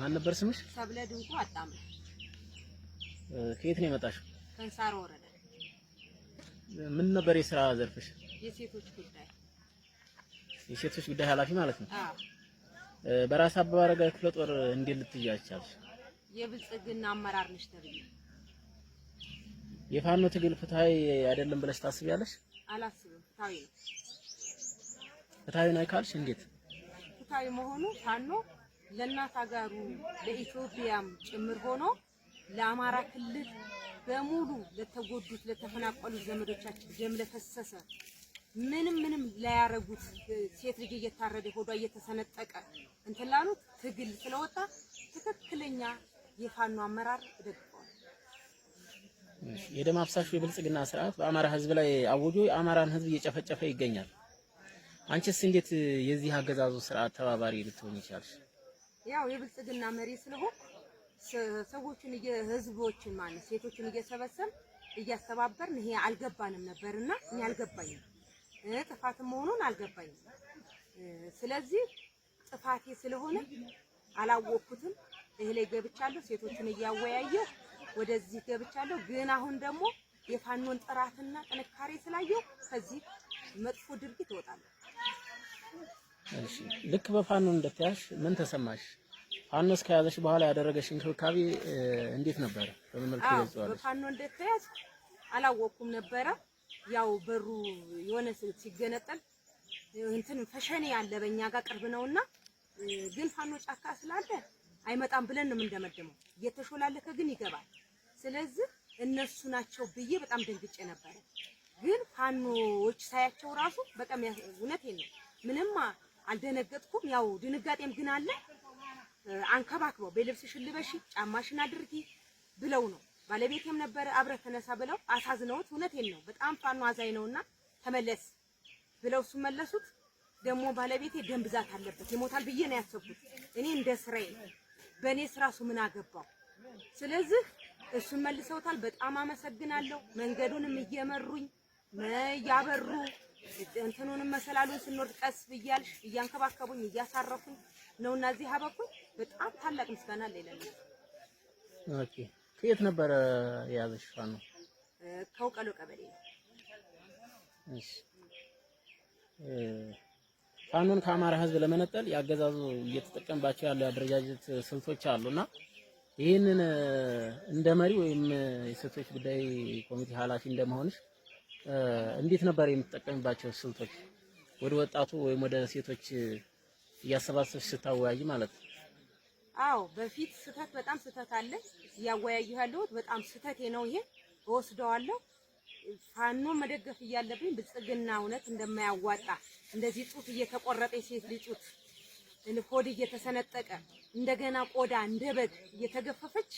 ማን ነበር ስምሽ? ሰብለ ድንቁ አጣምነ። ከየት ነው የመጣሽው? ከንሳሮ ወረዳ። ምን ነበር የስራ ዘርፍሽ? የሴቶች ጉዳይ። የሴቶች ጉዳይ ኃላፊ ማለት ነው? አዎ። በራስ አበበ አረጋ ክፍለ ጦር እንዴት ልትያዝ የብልጽግና አመራር ነሽ ተብዬ። የፋኖ ትግል ፍትሃዊ አይደለም ብለሽ ታስቢያለሽ? አላስብም። ፍትሃዊ ነው። ፍትሃዊ ነው ካልሽ እንዴት? ፍትሃዊ መሆኑ ፋኖ ለእናት አጋሩ ለኢትዮጵያም ጭምር ሆኖ ለአማራ ክልል በሙሉ ለተጎዱት ለተፈናቀሉት ዘመዶቻችን ደም ለፈሰሰ ምንም ምንም ላያረጉት ሴት ልጅ እየታረደ ሆዷ እየተሰነጠቀ እንትን ላሉት ትግል ስለወጣ ትክክለኛ የፋኖ አመራር እደግፈዋል። የደም አፍሳሹ የብልጽግና ስርዓት በአማራ ህዝብ ላይ አውጆ የአማራን ህዝብ እየጨፈጨፈ ይገኛል። አንቺስ እንዴት የዚህ አገዛዙ ስርዓት ተባባሪ ልትሆን ይቻልሽ? ያው የብልጽግና መሪ ስለሆንኩ ሰዎችን የህዝቦችን ማለት ሴቶችን እየሰበሰብ እያስተባበርን ይሄ አልገባንም ነበርና እኔ አልገባኝም፣ ጥፋትም መሆኑን አልገባኝም። ስለዚህ ጥፋቴ ስለሆነ አላወቅኩትም። ይሄ ላይ ገብቻለሁ፣ ሴቶችን እያወያየሁ ወደዚህ ገብቻለሁ። ግን አሁን ደግሞ የፋኖን ጥራትና ጥንካሬ ስላየሁ ከዚህ መጥፎ ድርጊት እወጣለሁ። ልክ በፋኖ እንደተያሽ ምን ተሰማሽ? ፋኖስ ከያዘሽ በኋላ ያደረገሽ እንክብካቤ እንዴት ነበረ? በምን መልኩ ይገልጸዋል? ፋኖ እንደተያዝኩ አላወቅኩም ነበረ። ያው በሩ የሆነ ሲገነጠል እንትን ፈሸኔ ያለ በእኛ ጋር ቅርብ ነውና፣ ግን ፋኖ ጫካ ስላለ አይመጣም ብለን ነው የምንደመድመው። እየተሾላለከ ግን ይገባል። ስለዚህ እነሱ ናቸው ብዬ በጣም ደንግጬ ነበረ። ግን ፋኖዎች ሳያቸው ራሱ በጣም እውነት ነው ምንም አልደነገጥኩም። ያው ድንጋጤም ግን አለ። አንከባክበው በልብስ ሽልበሽ ጫማሽን አድርጊ ብለው ነው ባለቤቴም ነበር አብረህ ተነሳ ብለው አሳዝነውት፣ እውነቴን ነው በጣም ፋኖ አዛኝ ነውና ተመለስ ብለው እሱ መለሱት። ደግሞ ባለቤቴ ደም ብዛት አለበት ይሞታል ብዬ ነው ያሰብኩት። እኔ እንደ ስራዬ በእኔ ስራ እሱ ምን አገባው? ስለዚህ እሱን መልሰውታል። በጣም አመሰግናለሁ። መንገዱንም እየመሩኝ እያበሩ እንትኑንም መሰላሉን ስንወርድ ቀስ ብያልሽ እያንከባከቡኝ እያሳረፉኝ ነውና እዚህ አበቁኝ። በጣም ታላቅ ምስጋና አለ ኦኬ ከየት ነበረ የያዘሽ ፋኖ? ከውቀሎ ቀበሌ። እሺ ፋኖን ከአማራ ህዝብ ለመነጠል ያገዛዙ እየተጠቀምባቸው ያለው የአደረጃጀት ስልቶች አሉና ይህንን እንደ መሪ ወይም የሴቶች ጉዳይ ኮሚቴ ኃላፊ እንደመሆንሽ እንዴት ነበር የምትጠቀምባቸው ስልቶች ወደ ወጣቱ ወይም ወደ ሴቶች እያሰባሰብሽ ስታወያይ ማለት ነው? አዎ በፊት ስህተት በጣም ስህተት አለ። እያወያዩ ያለሁት በጣም ስህተቴ ነው። ይሄ እወስደዋለሁ። ፋኖ መደገፍ እያለብኝ ብልጽግና እውነት እንደማያዋጣ እንደዚህ ጡት እየተቆረጠ የሴት ልጅ ጡት ሆድ እየተሰነጠቀ እንደገና ቆዳ እንደ በግ እየተገፈፈች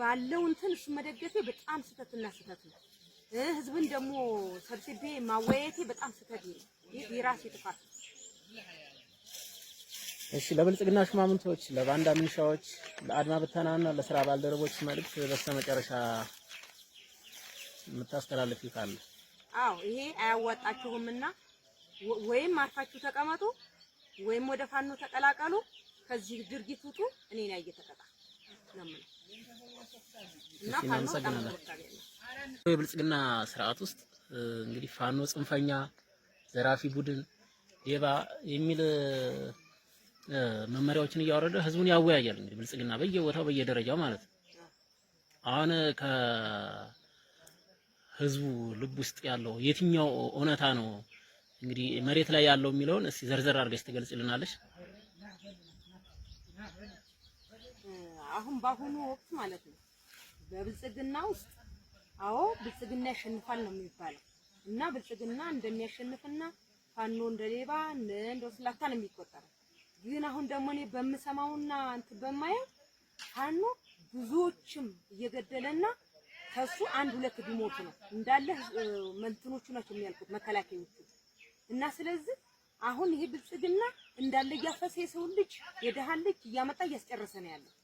ባለው እንትን እሱ መደገፌ በጣም ስህተትና ስህተት ነው። ህዝብን ደግሞ ሰብስቤ ማወያየቴ በጣም ስህተት ነው። የራሴ ጥፋት። እሺ፣ ለብልጽግና ሽማምንቶች፣ ለባንዳ ምንሻዎች፣ ለአድማ ብተናና ለስራ ባልደረቦች መልዕክት በስተመጨረሻ የምታስተላልፊው ካለ? አዎ፣ ይሄ አያዋጣችሁምና ወይም አርፋችሁ ተቀመጡ ወይም ወደ ፋኖ ተቀላቀሉ፣ ከዚህ ድርጊት ውጡ። እኔ ላይ እየተቀጣ ነው እና ፋኖ የብልጽግና ስርዓት ውስጥ እንግዲህ ፋኖ ጽንፈኛ፣ ዘራፊ ቡድን፣ ሌባ የሚል መመሪያዎችን እያወረደ ህዝቡን ያወያያል። እንግዲህ ብልጽግና በየቦታው በየደረጃው ማለት ነው። አሁን ከህዝቡ ልብ ውስጥ ያለው የትኛው እውነታ ነው እንግዲህ መሬት ላይ ያለው የሚለውን እስቲ ዘርዘር አድርገሽ ትገልጽልናለሽ? አሁን በአሁኑ ወቅት ማለት ነው በብልጽግና ውስጥ አዎ ብልጽግና ያሸንፋል ነው የሚባለው እና ብልጽግና እንደሚያሸንፍና ፋኖ እንደሌባ እንደ ስላታ ነው የሚቆጠረው። ግን አሁን ደግሞ እኔ በምሰማውና አንተ በማየው ፋኖ ብዙዎችም እየገደለና ከሱ አንድ ሁለት ቢሞቱ ነው እንዳለ መንትኖቹ ናቸው የሚያልቁት መከላከያዎቹ እና ስለዚህ አሁን ይሄ ብልጽግና እንዳለ እያፈሰ የሰው ልጅ የደሃ ልጅ እያመጣ እያስጨረሰ ነው ያለው።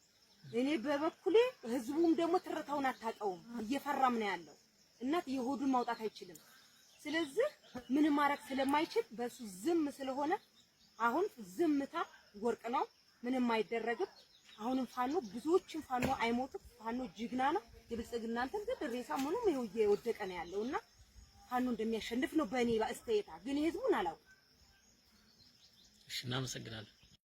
እኔ በበኩሌ ህዝቡም ደግሞ ትርታውን አታውቀውም፣ እየፈራም ነው ያለው። እናት የሆዱን ማውጣት አይችልም። ስለዚህ ምንም ማድረግ ስለማይችል በሱ ዝም ስለሆነ አሁን ዝምታ ወርቅ ነው፣ ምንም አይደረግም። አሁንም ፋኖ ብዙዎችን ፋኖ አይሞትም፣ ፋኖ ጅግና ነው። የብልጽግና እንትን ግን ሬሳ ምኑም ይኸው እየወደቀ ነው ያለው እና ፋኖ እንደሚያሸንፍ ነው በእኔ አስተያየታ። ግን የህዝቡን አላውቅም። እሺ እናመሰግናለን።